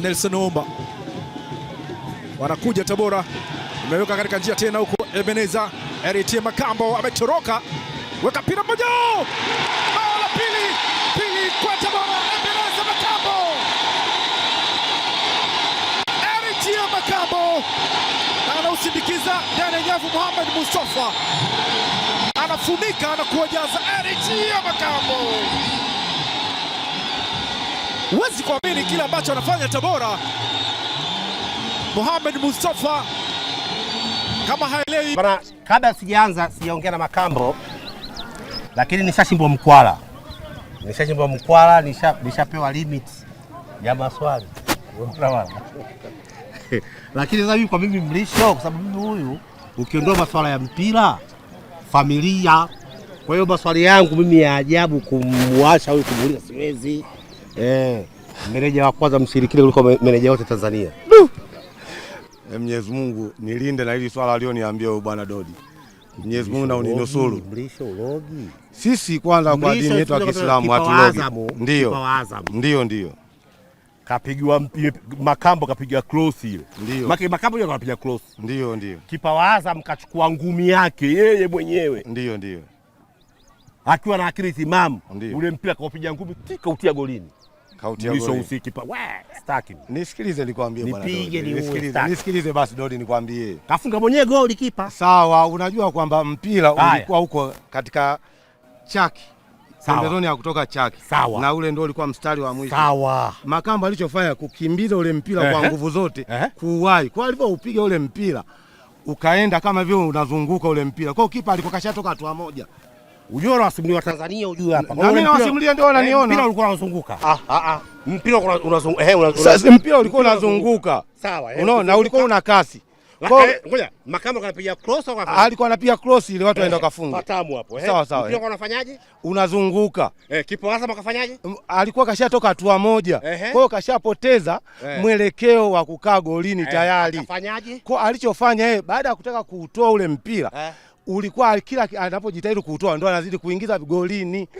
Nelson Omba wanakuja Tabora, imeweka katika njia tena huko Ebeneza Eritie Makambo ametoroka, weka mpira mmoja, bao la pili pili kwa Tabora. Ebeneza Makambo, Eritie Makambo anausindikiza Dani Nyavu, Muhammad Mustafa anafunika na kuwajaza Eritie Makambo Huwezi kuamini kile ambacho anafanya Tabora. Mohamed Mustafa kama haelewi bana. Kabla sijaanza, sijaongea na Makambo, lakini nishashimbwa mkwala, nishashimbwa mkwala, nishapewa nisha limit ya maswali lakini sasa kwa mimi mlisho, kwa sababu mimi huyu, ukiondoa maswala ya mpira, familia, kwa hiyo maswali yangu mimi ya ajabu kumwasha huyu kumuuliza siwezi eh, meneja wa kwanza msirikile kuliko meneja wote Tanzania. Eh, Mwenyezi Mungu nilinde na hili swala alioniambia huyu bwana Dodi. Mwenyezi Mungu na uninusuru. Mlisho ulogi. Sisi kwanza kwa dini yetu ya Kiislamu hatulogi. Ndio. Ndio ndio. Kapigwa Makambo kapiga cross ile. Ndio. Maki Makambo yule anapiga cross. Ndio ndio. Kipa wa Azam kachukua ngumi yake yeye mwenyewe. Ndio ndio. Akiwa na akili timamu ule mpira kaupiga ngumi tika utia golini. Nisikilize nikwambie bwana. Nipige ni uwe. Nisikilize basi Dodi nikwambie. Kafunga mwenyewe goli kipa. Sawa, unajua kwamba mpira ulikuwa huko katika chaki pembezoni ya kutoka chaki sawa. Na ule ndio ulikuwa mstari wa mwisho sawa. Makamba alichofanya kukimbiza ule mpira kwa nguvu zote eh, kuuwai kwa upige ule mpira ukaenda kama vile unazunguka ule mpira, kwa hiyo kipa alikokashatoka hatua moja. Ujue wa Tanzania ujue hapa. Na mimi nawasimulia ndio wananiona. Eh, mpira ulikuwa unazunguka. Ah ah. ah. Mpira unazunguka. Eh, unazunguka. Sasa Mpira ulikuwa unazunguka. Sawa. Eh, Unaona na ulikuwa una kasi. Eh, ngoja, Makamba kanapiga cross au kanapiga? Alikuwa anapiga cross ile watu waenda kafunga. Patamu hapo. Eh. Sawa sawa. Mpira ulikuwa unafanyaje? Unazunguka. Eh, kipo hasa makafanyaje? Alikuwa kashatoka hatua moja. Kwa hiyo kashapoteza mwelekeo wa kukaa golini tayari. Akafanyaje? Kwa alichofanya yeye baada ya kutaka kuutoa ule mpira ulikuwa kila anapojitahidi kuutoa ndo anazidi kuingiza golini.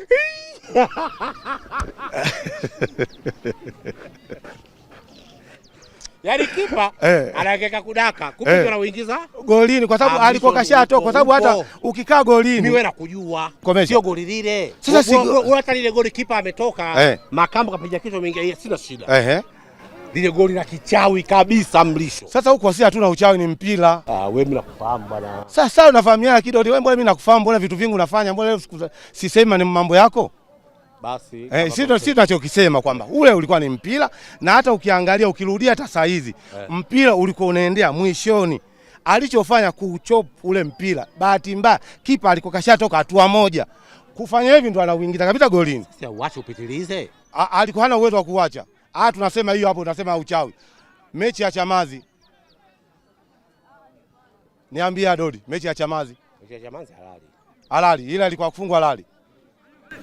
Yaani kipa eh, anaweka kudaka kupiga eh, na kuingiza golini kwa sababu ah, alikuwa kashatoa, kwa sababu hata ukikaa golini mimi kujua sio goli lile. Sasa si hata lile goli kipa ametoka eh, makambo kapiga kitu, mingi sina shida eh lile goli la kichawi kabisa mlisho. Sasa huko sisi hatuna uchawi, ni mpira. Ah, wewe mimi nakufahamu bwana. Sasa unafahamiana kidogo wewe, mbona mimi nakufahamu, mbona vitu vingi unafanya, mbona leo sisema ni mambo yako basi eh, sisi tunachokisema kwamba ule ulikuwa ni mpira, na hata ukiangalia ukirudia hata saa hizi eh, mpira ulikuwa unaendea mwishoni, alichofanya kuchop ule mpira, bahati mbaya kipa alikuwa kashatoka hatua moja, kufanya hivi ndo anauingiza kabisa golini. Sasa uache upitilize, alikuwa hana uwezo wa kuacha Ah, tunasema hiyo hapo, tunasema uchawi. Mechi ya Chamazi, niambia Dodi, mechi ya Chamazi, mechi ya Chamazi halali, halali, ila ilikuwa kufungwa halali.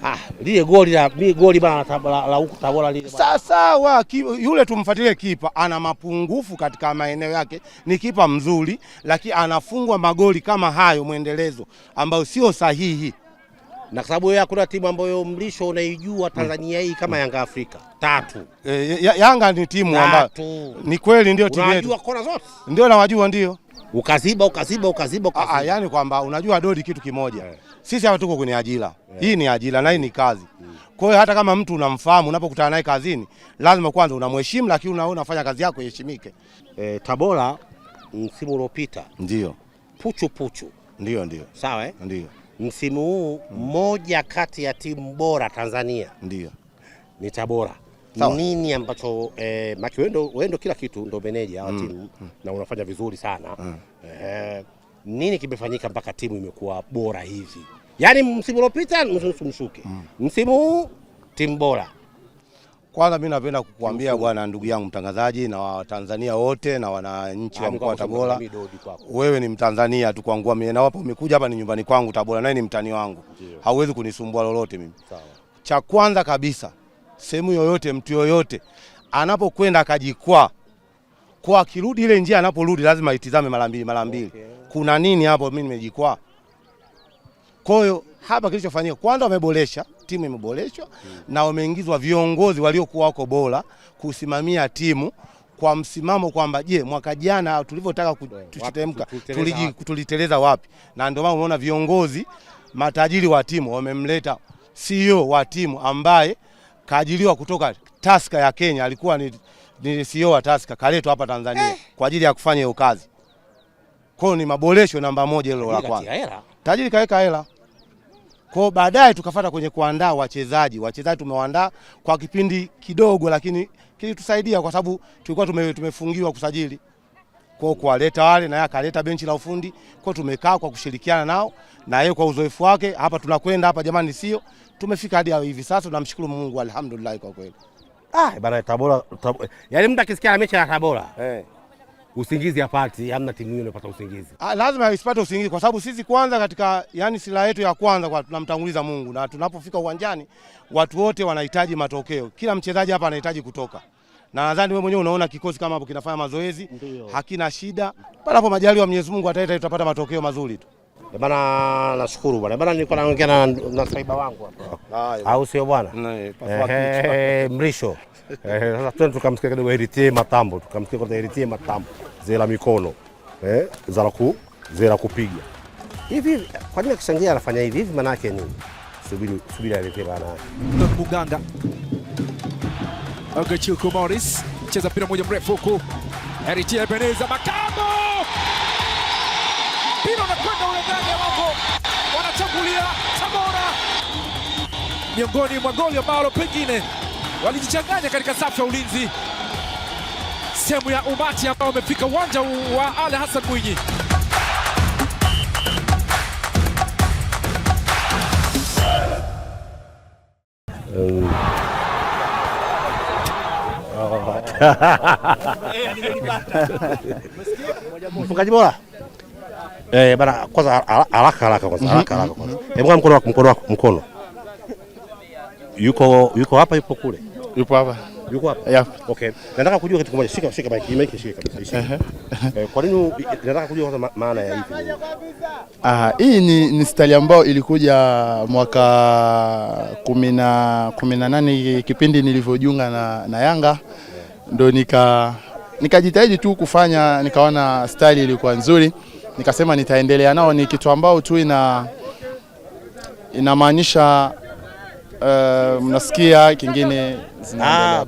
Ah, lile goli la mi goli bana la huko Tabora lile. Sasa sawa, yule tumfuatilie kipa ana mapungufu katika maeneo yake. Ni kipa mzuri lakini anafungwa magoli kama hayo mwendelezo ambayo sio sahihi na sababu yeye hakuna timu ambayo mlisho unaijua Tanzania hii kama Yanga Afrika tatu. E, Yanga ni timu ambayo ni kweli ndio timu yetu. Unajua kona zote. Ndio nawajua ndio. Ukaziba ukaziba ukaziba ah, ah, ukaziba. Aa, yani kwamba unajua Dodi kitu kimoja. Yeah. Sisi hapa tuko kwenye ajira. Yeah. Hii ni ajira na hii ni kazi. Mm. Kwa hiyo hata kama mtu unamfahamu unapokutana naye kazini, lazima kwanza unamheshimu, lakini unaona unafanya kazi yako iheshimike. E, Tabora msimu uliopita. Ndio. Puchu puchu. Ndio ndio. Sawa eh? Ndio msimu huu mmoja moja kati ya timu bora Tanzania ndio ni Tabora. Sawa. Nini ambacho eh, maki wendo, wendo kila kitu ndo meneja wa mm. timu mm. na unafanya vizuri sana mm. eh, nini kimefanyika mpaka timu imekuwa bora hivi? Yaani msimu uliopita mshuke, mm. msimu huu timu bora kwanza mimi napenda kukuambia bwana, ndugu yangu mtangazaji, na Watanzania wote na wananchi wa mkoa wa Tabora, wewe ni Mtanzania tu kwangu mimi, na wapo umekuja hapa ni nyumbani kwangu Tabora, naye ni mtani wangu, hauwezi kunisumbua lolote mimi. Sawa. Cha kwanza kabisa, sehemu yoyote, mtu yoyote anapokwenda akajikwaa kwa akirudi, ile njia anaporudi lazima itizame mara mbili mara mbili, okay. kuna nini hapo, mimi nimejikwaa kwa hiyo hapa kilichofanyika kwanza, wameboresha timu imeboreshwa hmm, na wameingizwa viongozi waliokuwa wako bora kusimamia timu kwa msimamo kwamba je, mwaka jana tulivyotaka eh, tuchetemka tuliteleza wapi? Na ndio maana unaona viongozi matajiri wa timu wamemleta CEO wa timu ambaye kaajiliwa kutoka Taska ya Kenya, alikuwa ni, ni CEO wa Taska kaletwa hapa Tanzania eh, kwa ajili ya kufanya hiyo kazi. Kwa hiyo ni maboresho namba moja hilo la kwanza. Tajiri kaweka hela Kwao baadaye tukafata kwenye kuandaa wachezaji. Wachezaji tumewaandaa kwa kipindi kidogo, lakini kilitusaidia kwa sababu tulikuwa tume, tumefungiwa kusajili kwa kuwaleta wale, naye akaleta benchi la ufundi kwa tumekaa kwa kushirikiana nao na yeye kwa uzoefu wake, hapa tunakwenda hapa, jamani, sio tumefika hadi hivi sasa. Tunamshukuru Mungu, alhamdulillah kwa kweli. Ah, bana Tabora, Tabora. Yaani mtu akisikia mechi ya Tabora hey. Eh usingizi hapati, hamna timu hiyo inapata usingizi. Ah, lazima isipate usingizi kwa sababu sisi kwanza katika yani silaha yetu ya kwanza kwa tunamtanguliza Mungu, na tunapofika uwanjani watu wote wanahitaji matokeo. Kila mchezaji hapa anahitaji kutoka na nadhani wewe mwenyewe unaona kikosi kama hapo kinafanya mazoezi, hakina shida. hapo majaliwa Mwenyezi Mungu ataleta, tutapata matokeo mazuri tu. Eh, bana, nashukuru bwana. Eh, bana, nilikuwa naongea na na saiba wangu hapa. Ah, Au sio bwana? Eh, eh, mrisho. Sasa twende tukamsikia kidogo eritie matambo, tukamsikia kwa eritie matambo. Zela mikono. Eh, zala ku, zela kupiga. Hivi kwa nini akishangia anafanya hivi? Hivi maana yake nini? Subiri, subiri aletee bana. Buganga. Agachiko Morris, cheza mpira moja mrefu huko. Eritie Beneza Makambo mpira unakwenda ule ndani ya wavu, wanatangulia Tabora. Miongoni mwa goli ambalo pengine walijichanganya katika safu ya ulinzi, sehemu ya umati ambao wamefika uwanja wa Ali Hassan Mwinyi. Mfungaji bora Eh, bana kwanza haraka haraka kwanza haraka mhm, haraka mhm. kwanza. Hebu mkono wako mkono wako mkono. Yuko yuko hapa yupo kule. Yupo hapa. Yuko hapa. Yeah. Okay. Nataka kujua kitu kimoja. Shika shika mike, mike shika kabisa. Eh, kwa nini nataka kujua kwanza maana ya hivi? Ah, hii ni ni style ambayo ilikuja mwaka 10 18 kipindi nilivyojiunga na na Yanga ndo nika nikajitahidi tu kufanya nikaona style ilikuwa nzuri nikasema nitaendelea nao. Ni kitu ambao tu ina inamaanisha uh, mnasikia kingine ah,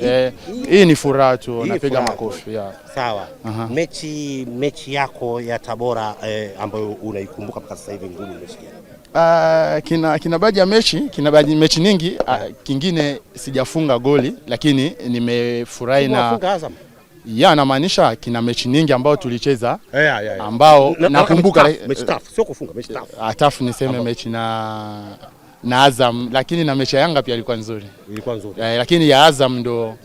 eh, hii ni furaha tu, napiga makofi yeah. Sawa. uh -huh. Mechi, mechi yako ya Tabora eh, ambayo unaikumbuka mpaka sasa hivi ngumu umesikia? Uh, kina, kina baadhi ya mechi kina baadhi mechi nyingi uh, kingine sijafunga goli lakini nimefurahi na Azam ya anamaanisha kina mechi nyingi ambao tulicheza yeah, yeah, yeah. ambao nakumbuka ah, eh, mechi tafu, sio kufunga mechi tafu. Eh, atafu niseme mechi na na Azam, lakini na mechi ya Yanga pia ilikuwa nzuri, ilikuwa nzuri, eh, lakini ya Azam ndo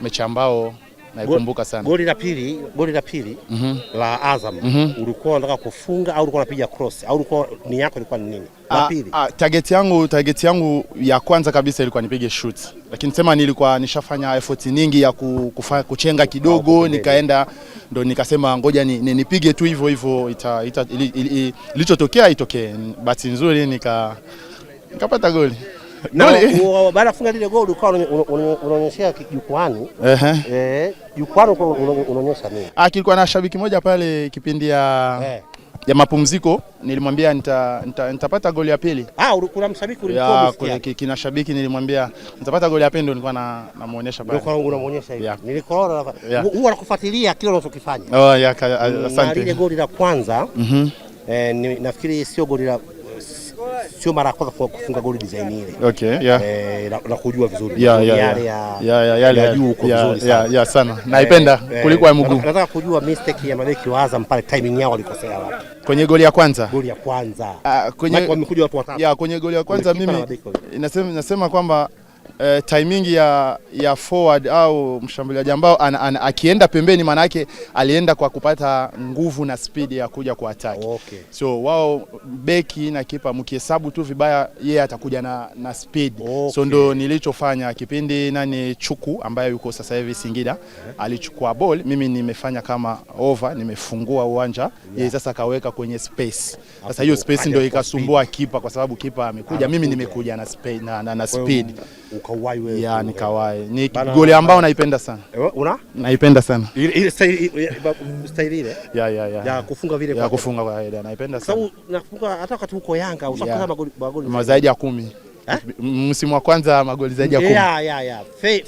mechi ambao naikumbuka sana. Goli la pili, goli la pili mm -hmm. la Azam mm -hmm. ulikuwa unataka kufunga au ulikuwa unapiga cross au ulikuwa ni yako ilikuwa ni nini? La ah, pili. Ah, target yangu, target yangu ya kwanza kabisa ilikuwa nipige shoot. Lakini sema nilikuwa nishafanya effort nyingi ya kufanya kuchenga kidogo oh, nikaenda ndo nikasema ngoja ni, ni, nipige tu hivyo hivyo ilichotokea itokee. Bahati nzuri nika nikapata goli. baada kufunga lile goli ukawa unaonyeshea jukwani, jukwani eh, unaonyesha nini? Ah, kilikuwa na shabiki moja pale kipindi ya eh. ya mapumziko nilimwambia nita, nita, nitapata goli ya pili. Ah, kuna mshabiki kina shabiki nilimwambia nitapata goli ya pili, ndio nilikuwa na namuonyesha pale. Ndio hivi. Nilikuona huwa anakufuatilia kile unachokifanya. Oh, ya asante. Ile goli la kwanza mm eh, nafikiri sio goli la sio mara ya kwanza kufunga goli design ile. Okay, yeah. Eh, na kujua vizuri yale ya ya juu huko vizuri sana. Sana. Eh, Naipenda eh, kuliko ya mguu. Nataka kujua mistake ya mabeki wa Azam pale timing yao walikosea wapi. Kwenye goli ya kwanza. Goli ya kwanza. Ah, kwenye wamekuja watu watatu. Yeah, kwenye goli ya kwanza mimi nasema nasema kwamba Eh, timing ya, ya forward au mshambuliaji ambao akienda pembeni, maana yake alienda kwa kupata nguvu na spidi ya kuja kwa attack. Okay. So wao beki na kipa mkihesabu tu vibaya, yeye yeah, atakuja na, na speed. Okay. So ndo nilichofanya kipindi nani Chuku ambaye yuko sasa hivi Singida yeah. alichukua ball, mimi nimefanya kama over, nimefungua uwanja yeah. sasa akaweka kwenye space. Sasa hiyo space ndio ikasumbua kipa kwa sababu kipa amekuja, mimi nimekuja na speed, na, na, na speed. Kawai wewe. Ya ni Kawai. Ni goli ambao naipenda sana. Eh, una? Naipenda sana. Ile ile style style ile. Ya ya ya. Ya kufunga vile kwa. Ya kufunga kwa ile naipenda sana. Sababu nakumbuka hata wakati huko Yanga ushafunga magoli magoli zaidi ya 10. Eh? Msimu wa kwanza magoli zaidi ya 10. Ya ya ya.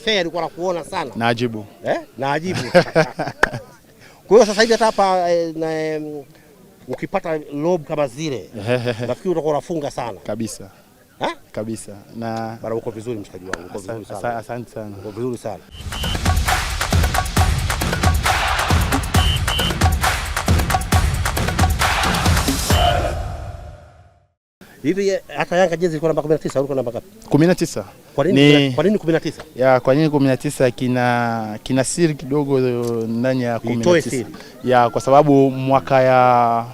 Fair alikuwa anakuona sana. Naajibu. Eh? Naajibu. Kwa hiyo sasa hivi hata hapa eh, na ukipata lob kama zile nafikiri utakuwa unafunga sana. Kabisa. Kabisa. Na bara uko vizuri mshikaji wangu. Uko vizuri sana. Asante sana. Uko vizuri sana. Hivi eh, hata Yanga jezi ilikuwa namba 19 au ilikuwa namba ngapi? 19. Kwa nini kwa nini 19? Ya, kwa nini 19 kina kina siri kidogo eh, ndani ya 19. Ya, kwa sababu mwaka ya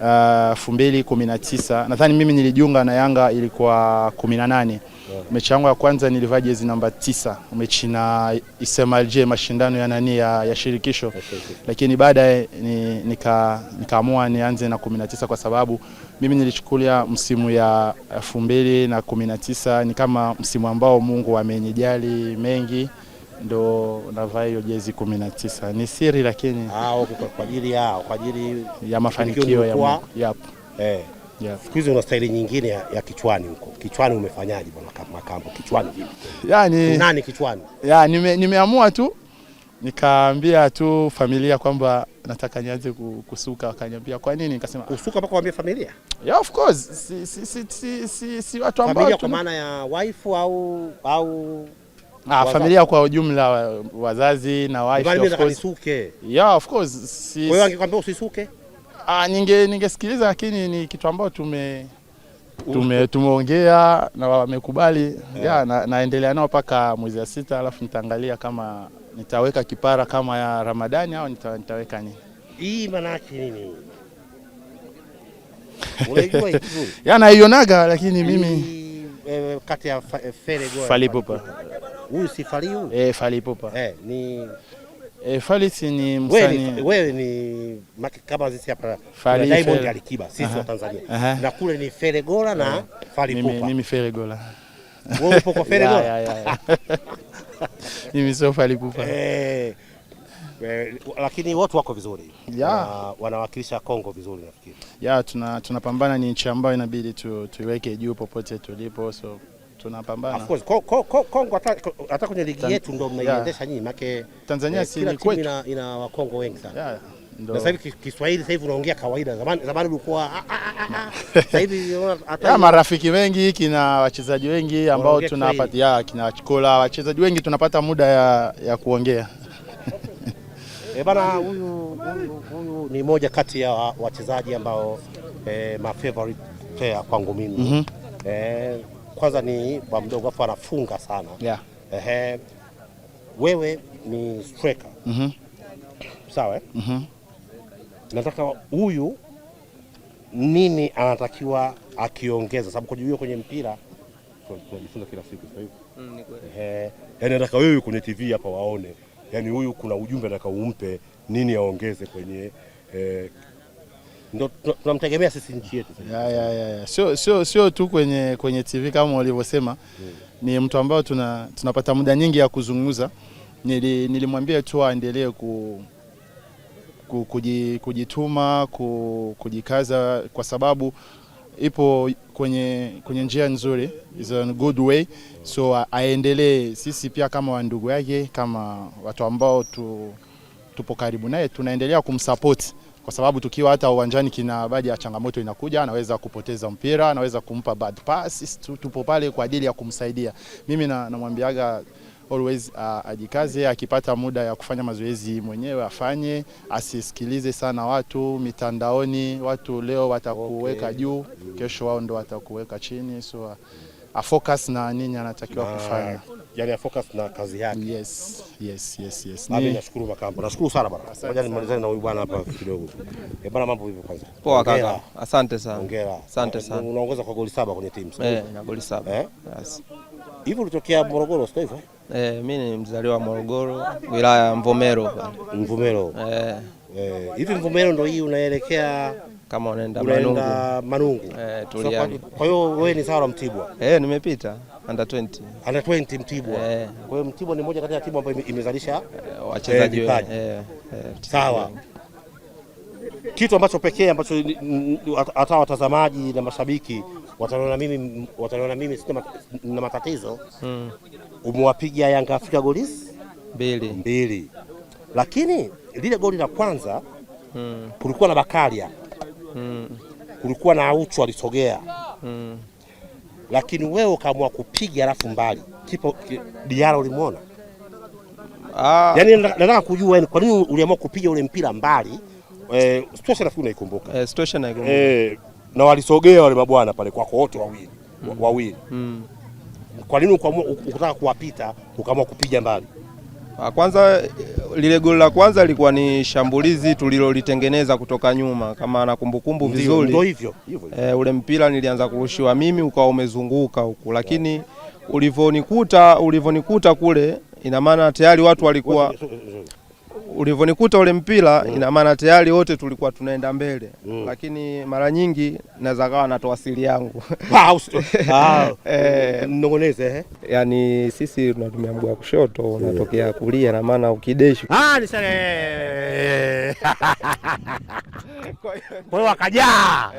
elfu uh, kumi nadhani mimi nilijiunga na Yanga ilikuwa kumi na nane mechi yangu ya kwanza nilivaa jezi namba tisa mechi na Isema J mashindano ya nani ya, ya shirikisho okay, Lakini baadaye ni, nikaamua nianze na kumi na tisa kwa sababu mimi nilichukulia msimu ya elfu mbili na kumi na tisa ni kama msimu ambao Mungu amenijali mengi ndo unavaa hiyo jezi 19. Ni siri lakini ah, okay, kwa ajili ya kwa ajili ya mafanikio ya yep. Eh. Yeah. Siku hizi una staili nyingine ya, ya kichwani huko. Kichwani umefanyaje bwana Makambo? Kichwani vipi? Yaani nani kichwani? Ya nime, nimeamua tu nikaambia tu familia kwamba nataka nianze kusuka, wakaniambia kwa nini? Nikasema kusuka mpaka kuambia familia? Yeah, of course. Si si si si, si, si watu ambao familia kwa maana ya wife au au Ah, familia kwa ujumla, wazazi na wife of course. Yeah, of course. Si... Wewe ungekwambia usisuke? Ah, ninge ningesikiliza lakini ni kitu ambacho tume tume tumeongea na wamekubali. Yeah. Yeah, na, naendelea nao mpaka mwezi wa sita alafu nitaangalia kama nitaweka kipara kama ya Ramadhani au nita, nitaweka nini. Hii maana yake nini? Unajua hiyo. Yana ionaga lakini mimi eh, kati ya eh, Fally Ipupa huyu si Fali huyu? Eh, Fali Popa. Eh, ni eh, Fali si ni msanii. Wewe ni kama sisi hapa Fali Diamond Alikiba sisi wa Tanzania. Na kule ni Feregola na Fali Popa. Mimi mimi Feregola. Wewe upo kwa Feregola? Ya ya ya. Mimi sio Fali Popa. Eh, eh. Lakini watu wako vizuri Ya. yeah. Wanawakilisha Kongo vizuri nafikiri. Ya, Yeah, tunapambana ni nchi ambayo inabidi tu, tuiweke juu popote tulipo so tunapambana. Of course Kongo, hata kwenye ligi yetu ndo mnaiendesha nyinyi, make Tanzania eh, si ni kwetu, ina, ina wakongo wengi sana yeah. Ndo. Na sasa hivi Kiswahili sasa hivi unaongea kawaida, zamani zamani ulikuwa ah, ah, ah, sasa hivi marafiki wengi kina wachezaji wengi ambao tunapata ya kina chikola wachezaji wengi tunapata muda ya, ya kuongea E bana, huyu huyu ni moja kati ya wachezaji ambao eh, my favorite player kwangu mimi mm -hmm. eh, kwanza ni kwa mdogo afu anafunga sana yeah. Ehe, wewe ni striker mm -hmm. Sawa mm -hmm. Nataka huyu nini anatakiwa akiongeza, sababu kujua kwenye mpira tunajifunza kila siku sasa hivi mm, ni kweli. Yaani nataka wewe kwenye TV hapa waone, yani huyu kuna ujumbe nataka umpe nini aongeze kwenye eh, ndo tunamtegemea sisi nchi yetu. Yeah, yeah, yeah. Sio, sio, sio tu kwenye, kwenye TV kama walivyosema yeah. Hmm. Ni mtu ambao tuna, tunapata muda nyingi ya kuzungumza. Nili, nilimwambia tu aendelee ku, ku, kujituma ku, kujikaza kwa sababu ipo kwenye, kwenye njia nzuri is a good way, so aendelee. Sisi pia kama wandugu yake kama watu ambao tu, tupo karibu naye tunaendelea kumsupport kwa sababu tukiwa hata uwanjani kina baadhi ya changamoto inakuja, anaweza kupoteza mpira, anaweza kumpa bad pass. Tupo pale kwa ajili ya kumsaidia. Mimi namwambiaga always uh, ajikaze, akipata muda ya kufanya mazoezi mwenyewe afanye, asisikilize sana watu mitandaoni. Watu leo watakuweka okay, juu, kesho wao ndo watakuweka chini so a focus na nini anatakiwa kufanya, yani focus na kazi yake. Yes, yes, yes, yes. Mimi nashukuru Makamba, nashukuru sana bwana. Ngoja nimalizane na huyu bwana hapa kidogo. Eh, bwana, mambo vipi kwanza? Poa kaka, asante sana. Hongera. Asante eh, sana. Unaongoza kwa goli saba kwenye timu sasa. Eh, na goli saba. Eh? Yes. Hivi ulitokea Morogoro sasa hivi? Eh, mimi ni mzaliwa wa Morogoro, wilaya ya Mvomero pale. Mvomero. Eh. Eh, hivi Mvomero ndio hii unaelekea kama unaenda Manungu, Manungu. Eh, So, yaani. kwa hiyo wewe ni sawa na Mtibwa? Eh, nimepita under 20. Under 20 Mtibwa. Eh. Kwa hiyo Mtibwa ni moja kati ya timu ambayo imezalisha eh, wachezaji eh, eh, eh, sawa kitu ambacho pekee ambacho hata watazamaji na mashabiki wataniona mimi, wataniona mimi sina na matatizo mm. Umewapiga Yanga Afrika goli mbili mbili, lakini lile goli la kwanza mm. kulikuwa na Bakaria kulikuwa na uchu alitogea mm. lakini wewe ukaamua kupiga alafu mbali kipo Diara ulimwona? ah. Yani nataka kujua kwa nini uliamua kupiga ule mpira mbali eh, situation nafikiri unaikumbuka eh, situation naikumbuka eh, na walisogea wale mabwana pale kwako wote wawili mm. wawili mm. kwa nini ukutaka kuwapita ukaamua kupiga mbali? Ah, kwanza lile goli la kwanza lilikuwa ni shambulizi tulilolitengeneza kutoka nyuma, kama na kumbukumbu vizuri ndio hivyo hivyo. E, ule mpira nilianza kurushiwa mimi ukawa umezunguka huku, lakini ulivonikuta ulivonikuta kule, ina maana tayari watu walikuwa ulivyonikuta ule mpira mm. ina maana tayari wote tulikuwa tunaenda mbele mm. lakini mara nyingi naweza kawa natoa siri yangu ah, eh. mnongoneze eh. Yani sisi tunatumia mguu wa kushoto mm. unatokea yeah. kulia, na maana ukideshi ah, ni sare eh, eh. kwa hiyo wakajaa,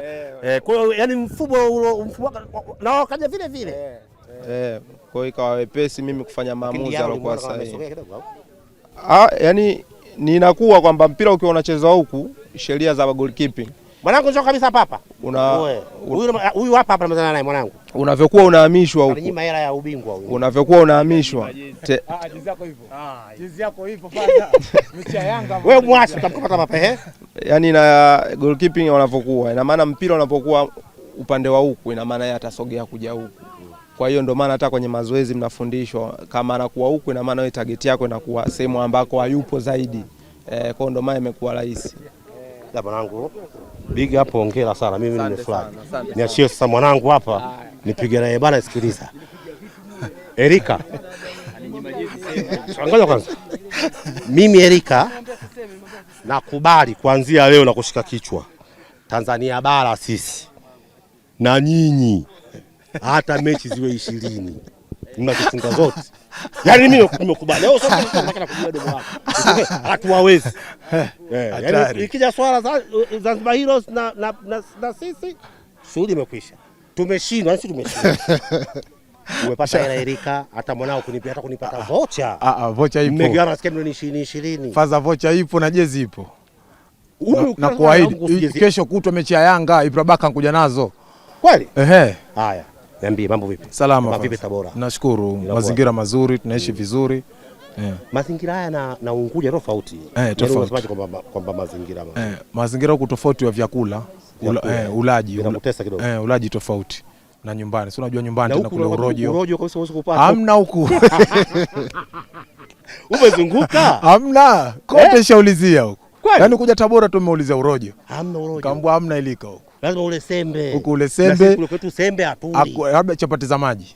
kwa hiyo yani mfumo na wakaja vile vile eh, eh. Kwa hiyo ikawa wepesi mimi kufanya maamuzi alokuwa sahihi. Ah, yani ninakuwa kwamba mpira ukiwa unachezwa huku, sheria za goalkeeping mwanangu, njoo kabisa papa, huyu hapa hapa namezana naye mwanangu, unavyokuwa unahamishwa huku, nyima hela ya ubingwa huyu, unavyokuwa unahamishwa jezi ah, jezi yako ah, yako hivyo. hivyo Yanga. wewe mwasi utamkopata papa ehe, yani na goalkeeping wanavyokuwa, ina maana mpira unapokuwa upande wa huku, ina maana yeye atasogea kuja huku. Kwa hiyo ndio maana hata kwenye mazoezi mnafundishwa kama anakuwa huku, ina maana wewe target yako inakuwa sehemu ambako hayupo zaidi eh, kwa ndio maana imekuwa rahisi. Mwanangu big hapo, hongera sana, mimi nimefurahi. Niachie sasa mwanangu hapa nipige naye bana. Sikiliza Erika angoja kwanza, mimi Erika nakubali kuanzia leo na kushika kichwa Tanzania bara sisi na nyinyi hata mechi ziwe ishirini mnazifunga zote. Yani mimi nimekubali leo sasa, nataka nakujua domo wako hatuwawezi. Eh, yani ikija swala za eh, Zanzibar Heroes na, na, na, na sisi shughuli imekwisha, tumeshindwa sisi, yaani tumeshindwa umepata hela Erika, hata mwanao kunipa hata kunipata vocha. Ah ah, vocha ipo, mmegawana sikia milioni 20 20, faza vocha ipo na jezi ipo Huyu na kuahidi kesho kutwa mechi ya Yanga Ibrabaka nkuja nazo kweli. Ehe, haya Niambie mambo vipi? Salama. Mambo Vipi Tabora? Nashukuru. Mazingira mazuri, tunaishi vizuri. Yeah. Mm. Mazingira haya na, na Unguja tofauti. Eh, yaani tofauti. Kwamba mazingira eh, mazingira huko tofauti wa vyakula, vyakula. Eh, ulaji ula, eh, ulaji tofauti na nyumbani. Si unajua nyumbani tena kule urojo. Urojo kabisa huwezi kupata. Hamna huku. Umezunguka? Hamna. Kote eh? shaulizia huko. Kweli. Yaani kuja Tabora tu umeuliza urojo. Hamna urojo. Kaambua hamna ilika huko. Lazima ule sembe. Huko ule sembe. Huko kwetu sembe hatuli. Labda chapati za maji.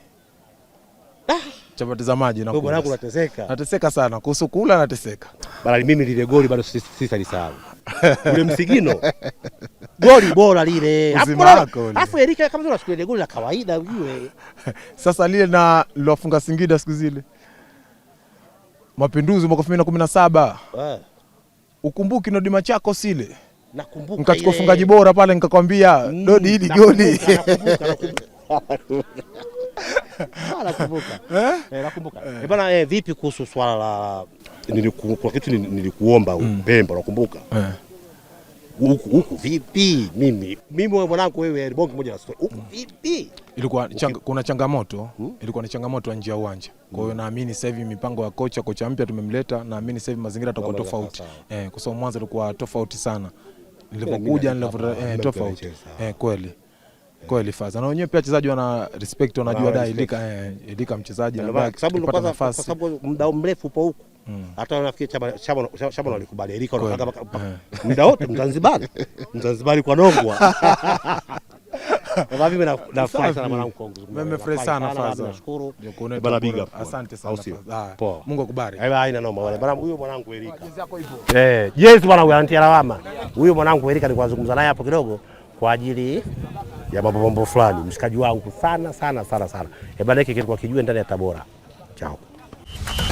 Ah. Chapati za maji na kwa sababu anateseka. Anateseka sana. Kuhusu kula anateseka. Bali mimi lile goli bado sitalisahau. Ule msigino. Goli bora lile. Alafu Erika kama unashukulia ile goli la kawaida ujue. Sasa lile na lilofunga Singida siku zile. Mapinduzi mwaka 2017. Ah ukumbuki nodima chako sile nikachukua ufungaji bora pale nikakwambia, mm, Dodi hili Joni eh, vipi kuhusu swala la niliku, kuna kitu nilikuomba mm. Pemba, nakumbuka eh huku huku vipi? Mimi mimi mwanangu, wewe bonge moja na story huku mm. vipi? Ilikuwa chang, kuna changamoto hmm? Ilikuwa ni changamoto nje ya uwanja. Kwa hiyo hmm. naamini sasa hivi mipango ya kocha kocha mpya tumemleta, naamini sasa hivi mazingira yatakuwa tofauti eh, kwa sababu mwanzo ilikuwa tofauti sana nilipokuja eh, tofauti eh, kweli eh. kweli faza na wenyewe pia wachezaji wana respect, wanajua dai ilika eh, ilika mchezaji na kwa sababu kwa sababu muda mrefu upo huko Mm. hata nafikiri Shaban walikubalika eh. muda wote Mzanzibari, Mzanzibari kwa Nongwa. mwanangu ananitia lawama huyu mwanangu Erika, nilikuwa eh, nazungumza naye hapo kidogo kwa ajili ya mambo fulani, mshikaji wangu sana sana sana sana. Ebana, kilikuwa kijue ndani ya Tabora chao